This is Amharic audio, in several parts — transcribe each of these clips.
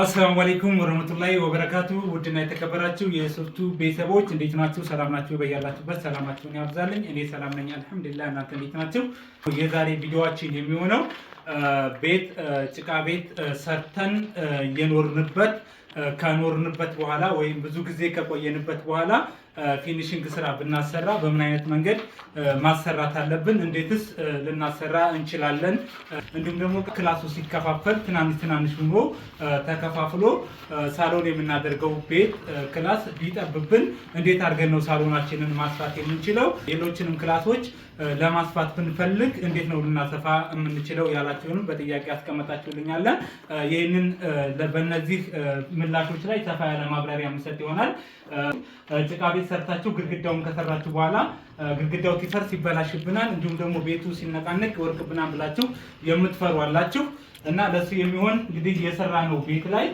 አሰላሙ አለይኩም ወረህመቱላሂ ወበረካቱ። ውድና የተከበራችሁ የሶፍቱ ቤተሰቦች እንዴት ናችሁ? ሰላም ናችሁ? በያላችሁበት ሰላማችሁን ያብዛልኝ። እኔ ሰላም ነኝ አልሐምዱሊላህ። እናንተ እንዴት ናችሁ? የዛሬ ቪዲዮዋችን የሚሆነው ቤት ጭቃ ቤት ሰርተን የኖርንበት ከኖርንበት በኋላ ወይም ብዙ ጊዜ ከቆየንበት በኋላ ፊኒሽንግ ስራ ብናሰራ በምን አይነት መንገድ ማሰራት አለብን? እንዴትስ ልናሰራ እንችላለን? እንዲሁም ደግሞ ክላሱ ሲከፋፈል ትናንሽ ትናንሽ ሆኖ ተከፋፍሎ ሳሎን የምናደርገው ቤት ክላስ ቢጠብብን እንዴት አድርገን ነው ሳሎናችንን ማስፋት የምንችለው? ሌሎችንም ክላሶች ለማስፋት ብንፈልግ እንዴት ነው ልናሰፋ የምንችለው? ያላ ያላችሁንም በጥያቄ አስቀመጣችሁልኛለን። ይህንን በእነዚህ ምላሾች ላይ ሰፋ ያለ ማብራሪያ የምሰጥ ይሆናል። ጭቃ ቤት ሰርታችሁ ግድግዳውን ከሰራችሁ በኋላ ግድግዳው ሲፈርስ ይበላሽብናል፣ እንዲሁም ደግሞ ቤቱ ሲነቃነቅ ይወርቅብናል ብላችሁ የምትፈሩ አላችሁ እና ለሱ የሚሆን እንግዲህ የሰራ ነው ቤት ላይ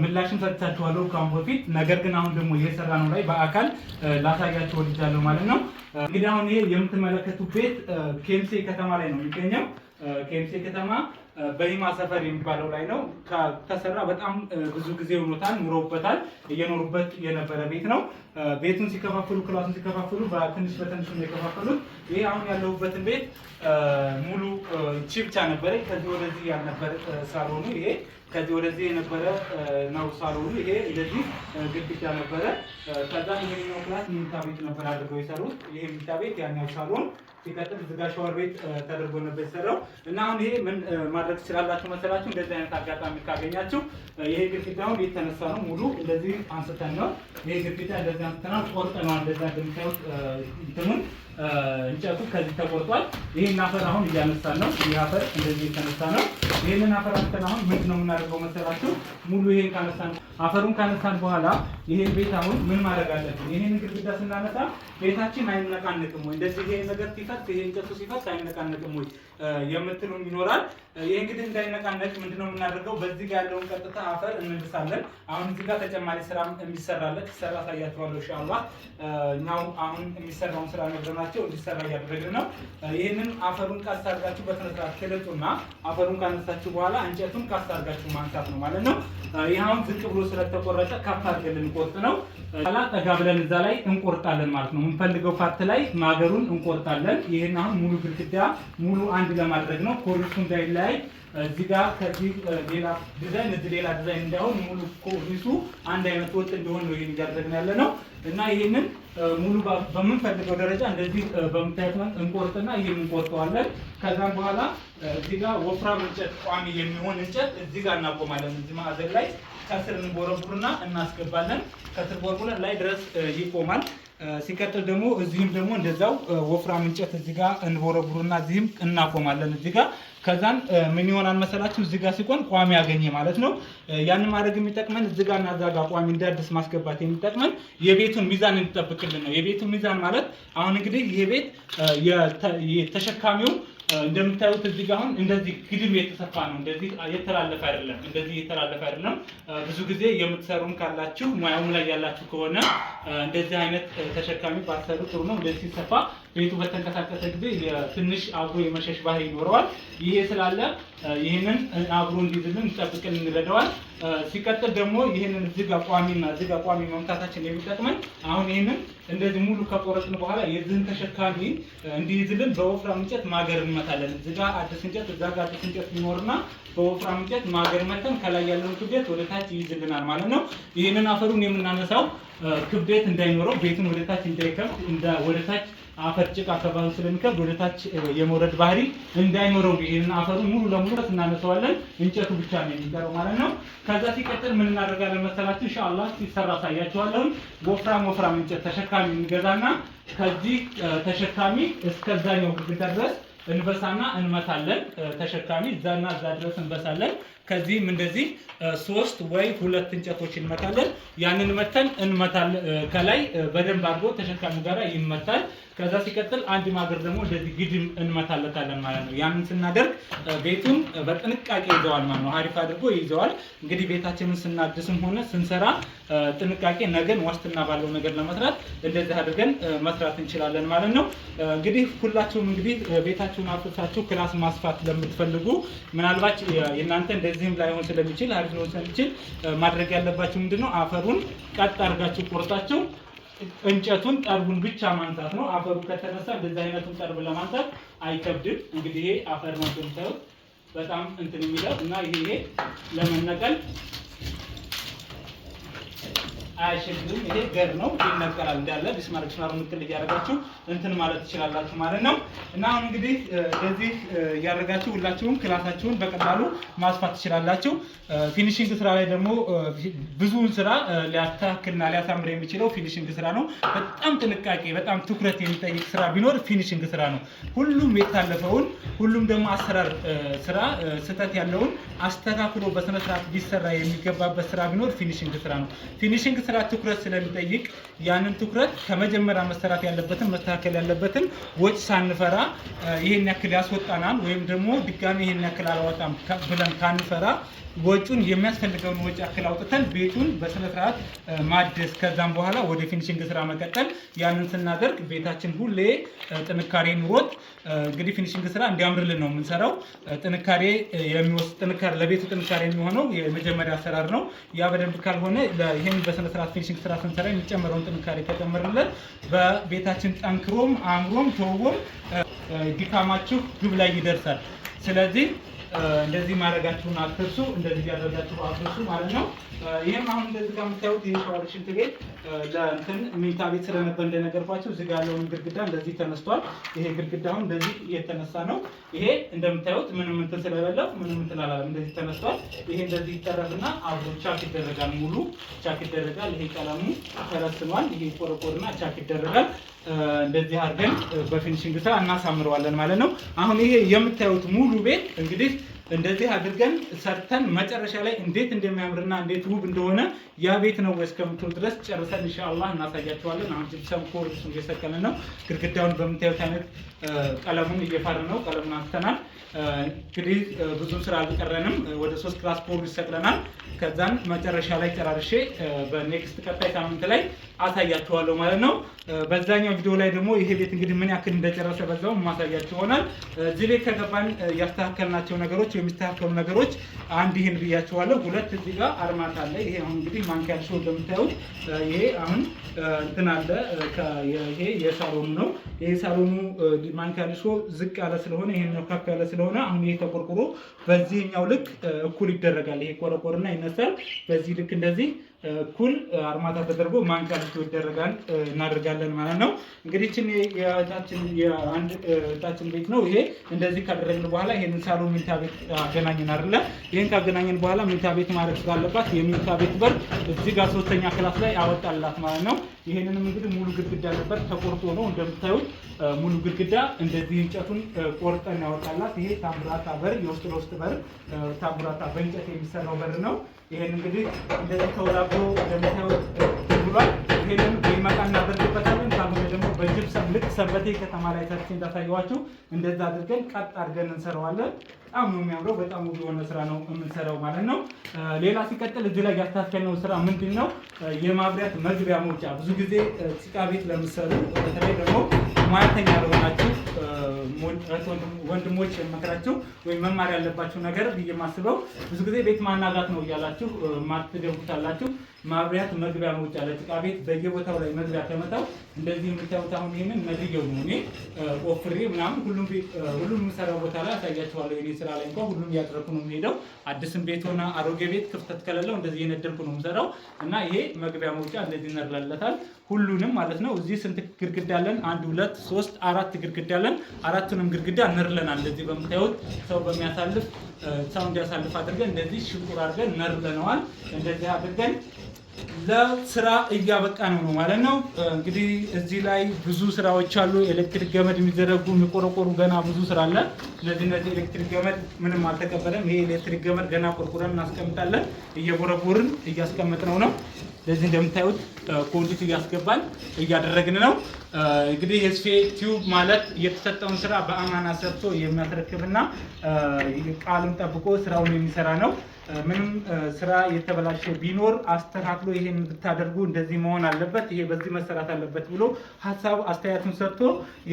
ምላሽን ሰጥቻችኋለሁ ከአሁን በፊት። ነገር ግን አሁን ደግሞ የሰራ ነው ላይ በአካል ላሳያችሁ ወድጃለሁ ማለት ነው። እንግዲህ አሁን ይሄ የምትመለከቱ ቤት ኬምሴ ከተማ ላይ ነው የሚገኘው። ኬምሴ ከተማ በይማ ሰፈር የሚባለው ላይ ነው። ከተሰራ በጣም ብዙ ጊዜ ሆኖታል፣ ኑሮበታል። እየኖሩበት የነበረ ቤት ነው። ቤቱን ሲከፋፍሉ፣ ክላሱን ሲከፋፍሉ በትንሽ በትንሽ ነው የከፋፈሉት። ይህ አሁን ያለሁበትን ቤት ሙሉ ቺ ብቻ ነበረ፣ ከዚህ ወደዚህ ያልነበር ሳልሆኑ ይሄ ከዚህ ወደዚህ የነበረ ነው ሳሎኑ። ይሄ እንደዚህ ግድግዳ ነበረ። ከዛ ይሄኛው ክላስ ምኝታ ቤት ነበር አድርገው የሰሩት። ይሄ ምኝታ ቤት ያኛው ሳሎን ሲቀጥል ዝጋ ሸዋር ቤት ተደርጎ ነበር የሰራው እና አሁን ይሄ ምን ማድረግ ትችላላችሁ መሰላችሁ? እንደዚህ አይነት አጋጣሚ ካገኛችሁ ይሄ ግድግዳ ግድግዳውን የተነሳ ነው ሙሉ እንደዚህ አንስተን ነው ይሄ ግድግዳ እንደዚህ አንስተናል፣ ነው እንደዛ እንደምታዩት እንትኑን እንጨቱ ከዚህ ተቆርጧል። ይህን አፈር አሁን እያነሳን ነው። ይህ አፈር እንደዚህ የተነሳ ነው። ይህንን አፈር አንስተን አሁን ምንድን ነው የምናደርገው መሰላችሁ ሙሉ ይሄን ካነሳን አፈሩን ካነሳን በኋላ ይሄን ቤት አሁን ምን ማድረግ አለብን? ይሄንን ግድግዳ ስናነሳ ቤታችን አይነቃነቅም ወይ እንደዚህ ይሄ ነገር ሲፈስ ይሄ እንጨቱ ሲፈስ አይነቃነቅም ወይ የምትሉም ይኖራል። ይሄ እንግዲህ እንዳይነቃነቅ ምንድነው የምናደርገው? በዚህ ጋር ያለውን ቀጥታ አፈር እንልሳለን። አሁን እዚህ ጋር ተጨማሪ ስራ የሚሰራለት ሲሰራ ታያችኋለሁ። ሻላ እኛው አሁን የሚሰራውን ስራ ነግረናቸው እንዲሰራ እያደረግን ነው። ይህንን አፈሩን ቀስ አድርጋችሁ በስነ አፈሩን ካነሳችሁ በኋላ እንጨቱን ቀስ አድርጋችሁ ማንሳት ነው ማለት ነው። ይህ አሁን ዝቅ ብሎ ስለተቆረጠ ከፍ አድርገን ልንቆርጥ ነው። ኋላ ጠጋ ብለን እዛ ላይ እንቆርጣለን ማለት ነው። የምንፈልገው ፓርት ላይ ማገሩን እንቆርጣለን። ይህን አሁን ሙሉ ግድግዳ ሙሉ አንድ ለማድረግ ነው። ኮርኒሱ እንዳይለያይ እዚህ ጋር ከዚህ ሌላ ዲዛይን እዚህ ሌላ ዲዛይን እንዳይሆን ሙሉ ኮርኒሱ አንድ አይነት ወጥ እንዲሆን ነው ይህን እያደረግን ያለ ነው እና ይህንን ሙሉ በምንፈልገው ደረጃ እንደዚህ በምታየት እንቆርጥና ይህን እንቆርጠዋለን። ከዛም በኋላ እዚህ ጋር ወፍራም እንጨት ቋሚ የሚሆን እንጨት እዚህ ጋር እናቆማለን እዚህ ማዕዘን ላይ ከስር እንቦረቡርና እናስገባለን። ከስር ቦርቡረን ላይ ድረስ ይቆማል። ሲቀጥል ደግሞ እዚህም ደግሞ እንደዛው ወፍራም እንጨት እዚህ ጋር እንቦረቡርና እዚህም እናቆማለን። እዚህ ጋር ከዛን ምን ይሆናል መሰላችሁ? እዚህ ጋር ሲቆም ቋሚ ያገኘ ማለት ነው። ያን ማድረግ የሚጠቅመን እዚህ ጋር እና እዛ ጋር ቋሚ እንዳዲስ ማስገባት የሚጠቅመን የቤቱን ሚዛን እንጠብቅልን ነው። የቤቱን ሚዛን ማለት አሁን እንግዲህ ይሄ ቤት ተሸካሚውን ። እንደምታዩት እዚህ ጋር አሁን እንደዚህ ግድም የተሰፋ ነው። እንደዚህ የተላለፈ አይደለም። እንደዚህ የተላለፈ አይደለም። ብዙ ጊዜ የምትሰሩም ካላችሁ ሙያውም ላይ ያላችሁ ከሆነ እንደዚህ አይነት ተሸካሚ ባትሰሩ ጥሩ ነው። እንደዚህ ሲሰፋ ቤቱ በተንቀሳቀሰ ጊዜ ትንሽ አብሮ የመሸሽ ባህሪ ይኖረዋል። ይሄ ስላለ ይህንን አብሮ እንዲዝልን እንጠብቅን እንረዳዋል። ሲቀጥል ደግሞ ይህንን እዚህ ጋር ቋሚና እዚህ ጋር ቋሚ መምታታችን የሚጠቅመን አሁን ይህንን እንደዚህ ሙሉ ከቆረጥን በኋላ የዚህን ተሸካሚ እንዲይዝልን በወፍራም እንጨት ማገር እንመታለን። እዚህ ጋር አዲስ እንጨት፣ እዛ ጋር አዲስ እንጨት ይኖርና በወፍራም እንጨት ማገር መተን ከላይ ያለውን ክብደት ወደ ታች ይይዝልናል ማለት ነው። ይህንን አፈሩን የምናነሳው ክብደት እንዳይኖረው ቤቱን ወደ ታች እንዳይከብድ ወደ ታች አፈር ጭቃ አካባቢ ስለሚከብድ ወደ ታች የመውረድ ባህሪ እንዳይኖረው ይህንን አፈሩን ሙሉ ለሙሉ እናነሳዋለን። እንጨቱ ብቻ ነው የሚቀረው ማለት ነው። ከዛ ሲቀጥል ምን እናደርጋለን መሰላችሁ? ኢንሻአላህ ሲሰራ ሳያችኋለሁ። ወፍራም ወፍራም እንጨት ተሸካሚ እንገዛና ከዚህ ተሸካሚ እስከዛኛው ግድግዳ ድረስ እንበሳና እንመታለን። ተሸካሚ እዛና እዛ ድረስ እንበሳለን። ከዚህም እንደዚህ ሶስት ወይ ሁለት እንጨቶች እንመታለን። ያንን መተን እንመታለን። ከላይ በደንብ አድርጎ ተሸካሚ ጋር ይመታል። ከዛ ሲቀጥል አንድ ማገር ደግሞ እንደዚህ ግድም እንመታለታለን ማለት ነው። ያንን ስናደርግ ቤቱን በጥንቃቄ ይዘዋል ማለት ነው። አሪፍ አድርጎ ይዘዋል። እንግዲህ ቤታችንን ስናድስም ሆነ ስንሰራ ጥንቃቄ ነገን ዋስትና ባለው ነገር ለመስራት እንደዚህ አድርገን መስራት እንችላለን ማለት ነው። እንግዲህ ሁላችሁም እንግዲህ ቤታችሁን አፍርሳችሁ ክላስ ማስፋት ለምትፈልጉ ምናልባት የእናንተ እንደዚህም ላይሆን ስለሚችል አሪፍ ሊሆን ስለሚችል ማድረግ ያለባችሁ ምንድነው አፈሩን ቀጥ አድርጋችሁ ቆርጣችሁ እንጨቱን ጠርቡን ብቻ ማንሳት ነው። አፈሩ ከተነሳ እንደዚህ አይነቱን ጠርብ ለማንሳት አይከብድም። እንግዲህ ይሄ አፈር ነው እንደምታዩት በጣም እንትን የሚለው እና ይሄ ይሄ ለመነቀል አያሸግም። ይሄ ገር ነው ይነገራል እንዳለ ቢስማር ቢስማር ምክል እያደረጋችሁ እንትን ማለት ትችላላችሁ ማለት ነው። እና አሁን እንግዲህ እንደዚህ እያደረጋችሁ ሁላችሁም ክላሳችሁን በቀላሉ ማስፋት ትችላላችሁ። ፊኒሽንግ ስራ ላይ ደግሞ ብዙውን ስራ ሊያስተካክልና ሊያሳምር የሚችለው ፊኒሽንግ ስራ ነው። በጣም ጥንቃቄ፣ በጣም ትኩረት የሚጠይቅ ስራ ቢኖር ፊኒሽንግ ስራ ነው። ሁሉም የታለፈውን ሁሉም ደግሞ አሰራር ስራ ስህተት ያለውን አስተካክሎ በስነስርዓት ሊሰራ የሚገባበት ስራ ቢኖር ፊኒሽንግ ስራ ነው። ፊኒሽንግ ስራ ትኩረት ስለሚጠይቅ ያንን ትኩረት ከመጀመሪያ መሰራት ያለበትን መስተካከል ያለበትን ወጪ ሳንፈራ ይሄን ያክል ያስወጣናል ወይም ደግሞ ድጋሚ ይህን ያክል አላወጣም ብለን ካንፈራ ወጪውን የሚያስፈልገውን ወጪ ያክል አውጥተን ቤቱን በስነስርዓት ማደስ ከዛም በኋላ ወደ ፊኒሽንግ ስራ መቀጠል። ያንን ስናደርግ ቤታችን ሁሌ ጥንካሬ ኑሮት እንግዲህ ፊኒሽንግ ስራ እንዲያምርልን ነው የምንሰራው። ጥንካሬ የሚወስድ ጥንካሬ ለቤቱ ጥንካሬ የሚሆነው የመጀመሪያ አሰራር ነው። ያ በደንብ ካልሆነ ይህን ስርዓት ፊኒሽንግ ስራ ስንሰራ የሚጨመረውን ጥንካሬ ከጨመርለን በቤታችን ጠንክሮም አምሮም ተውቦም ድካማችሁ ግብ ላይ ይደርሳል። ስለዚህ እንደዚህ ማድረጋችሁን አትርሱ። እንደዚህ ያደረጋችሁ አትርሱ ማለት ነው። ይህም አሁን እንደዚህ ጋር የምታዩት ይህ ሸዋል ሽንት ቤት ለእንትን መኝታ ቤት ስለነበር እንደነገርኳቸው እዚህ ጋር ያለውን ግድግዳ እንደዚህ ተነስቷል። ይሄ ግድግዳ አሁን እንደዚህ የተነሳ ነው። ይሄ እንደምታዩት ምንም እንትን ስለበለው ምንም እንትን አላለም። እንደዚህ ተነስቷል። ይሄ እንደዚህ ይጠረግና አብሮ ቻክ ይደረጋል። ሙሉ ቻክ ይደረጋል። ይሄ ቀለሙ ተረስኗል። ይሄ ቆረቆርና ቻክ ይደረጋል። እንደዚህ አድርገን በፊኒሽንግ ስራ እናሳምረዋለን ማለት ነው። አሁን ይሄ የምታዩት ሙሉ ቤት እንግዲህ እንደዚህ አድርገን ሰርተን መጨረሻ ላይ እንዴት እንደሚያምርና እንዴት ውብ እንደሆነ ያ ቤት ነው እስከምትሉ ድረስ ጨርሰን እንሻላ እናሳያቸዋለን። አሁን ጅብሰም ኮርኒሱን እየሰቀልን ነው። ግድግዳውን በምታዩት አይነት ቀለሙን እየፋረ ነው። ቀለሙን አንስተናል። እንግዲህ ብዙ ስራ አልቀረንም። ወደ ሶስት ክላስ ፖል ይሰቅለናል። ከዛን መጨረሻ ላይ ጨራርሼ በኔክስት ቀጣይ ሳምንት ላይ አሳያችኋለሁ ማለት ነው። በዛኛው ቪዲዮ ላይ ደግሞ ይሄ ቤት እንግዲህ ምን ያክል እንደጨረሰ በዛው ማሳያችሁ ይሆናል። እዚህ ቤት ከገባን ያስተካከልናቸው ነገሮች የሚስተካከሉ ነገሮች አንድ ይሄን ብያችኋለሁ። ሁለት እዚህ ጋር አርማታ አለ። ይሄ አሁን እንግዲህ ማንኪያ ሾ እንደምታዩት ይሄ አሁን እንትን አለ። ይሄ የሳሎኑ ነው። ይሄ ሳሎኑ ማንኪያ ሾ ዝቅ ያለ ስለሆነ ይሄን ከፍ ያለ ስለሆነ ስለሆነ አሁን ይሄ ተቆርቁሮ በዚህኛው ልክ እኩል ይደረጋል። ይሄ ቆረቆርና ይነሳል። በዚህ ልክ እንደዚህ እኩል አርማታ ተደርጎ ማንኪያ ይደረጋል እናደርጋለን ማለት ነው። እንግዲህ ችን የአንድ እጣችን ቤት ነው ይሄ። እንደዚህ ካደረግን በኋላ ይሄንን ሳሉ ሚንታ ቤት አገናኝን አይደለ? ይህን ካገናኘን በኋላ ሚንታ ቤት ማድረግ ስላለባት የሚንታ ቤት በር እዚህ ጋር ሶስተኛ ክላስ ላይ አወጣላት ማለት ነው። ይሄንንም እንግዲህ ሙሉ ግድግዳ ነበር ተቆርጦ ነው እንደምታዩት። ሙሉ ግድግዳ እንደዚህ እንጨቱን ቆርጠን ያወጣላት። ይሄ ታምራታ በር፣ የውስጥ ለውስጥ በር ታምራታ በእንጨት የሚሰራው በር ነው። ይሄን እንግዲህ እንደዚህ ተወራብሮ እንደምታዩት ብሏል። ይሄንን በይመቃ እናደርግበታለን። ካልሆነ ደግሞ በጅብሰም ልክ ሰበቴ ከተማ ላይ ሰርቼ እንዳሳየኋችሁ እንደዛ አድርገን ቀጥ አድርገን እንሰራዋለን። በጣም ነው የሚያምረው። በጣም ውብ የሆነ ስራ ነው የምንሰራው ማለት ነው። ሌላ ሲቀጥል እዚህ ላይ ያስታከልነው ስራ ምንድን ነው? የማብሪያት መግቢያ መውጫ ብዙ ጊዜ ጭቃ ቤት ለምሰሩ በተለይ ደግሞ ሙያተኛ ለሆናችሁ ወንድሞች የመክራችሁ ወይም መማር ያለባችሁ ነገር ብዬ የማስበው ብዙ ጊዜ ቤት ማናጋት ነው እያላችሁ ማትገቡታላችሁ። ማብሪያት መግቢያ መውጫ ለጭቃ ቤት በየቦታው ላይ መግቢያ ከመጣው እንደዚህ የምታዩት አሁን ይህንን መድየው ነው እኔ ቆፍሬ ምናምን ሁሉም ሁሉም ቦታ ላይ አሳያችኋለሁ። የኔ ስራ ላይ እንኳ ሁሉም እያደረኩ ነው የሚሄደው። አዲስም ቤት ሆነ አሮጌ ቤት ክፍተት ከሌለው እንደዚህ የነደርኩ ነው የምሰራው እና ይሄ መግቢያ መውጫ እንደዚህ ይነድላለታል። ሁሉንም ማለት ነው። እዚህ ስንት ግድግዳ አለን? አንድ ሁለት ሶስት አራት ግድግዳ አለን። አራቱንም ግድግዳ ነርለናል። እንደዚህ በምታዩት ሰው በሚያሳልፍ ሰው እንዲያሳልፍ አድርገን እንደዚህ ሽንቁር አድርገን ነርለነዋል። እንደዚህ አድርገን ለስራ እያበቃ ነው ነው ማለት ነው። እንግዲህ እዚህ ላይ ብዙ ስራዎች አሉ። ኤሌክትሪክ ገመድ የሚዘረጉ የሚቆረቆሩ ገና ብዙ ስራ አለ። ስለዚህ እነዚህ ኤሌክትሪክ ገመድ ምንም አልተቀበለም። ይሄ ኤሌክትሪክ ገመድ ገና ቆርቁረን እናስቀምጣለን። እየቦረቦርን እያስቀመጥነው ነው። ስለዚህ እንደምታዩት ኮንዲት እያስገባን እያደረግን ነው። እንግዲህ የስፌ ቲዩብ ማለት የተሰጠውን ስራ በአማና ሰርቶ የሚያስረክብና ቃሉን ጠብቆ ስራውን የሚሰራ ነው። ምንም ስራ የተበላሸ ቢኖር አስተካክሎ ይሄን ብታደርጉ እንደዚህ መሆን አለበት፣ ይሄ በዚህ መሰራት አለበት ብሎ ሀሳብ አስተያየቱን ሰጥቶ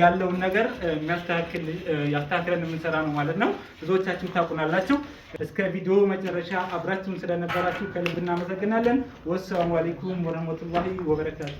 ያለውን ነገር የሚያስተካክል ያስተካክለን የምንሰራ ነው ማለት ነው። ብዙዎቻችሁ ታውቁናላችሁ። እስከ ቪዲዮ መጨረሻ አብራችሁን ስለነበራችሁ ከልብ እናመሰግናለን። ወሰላሙ አሌይኩም ወረህመቱላሂ ወበረካቱ።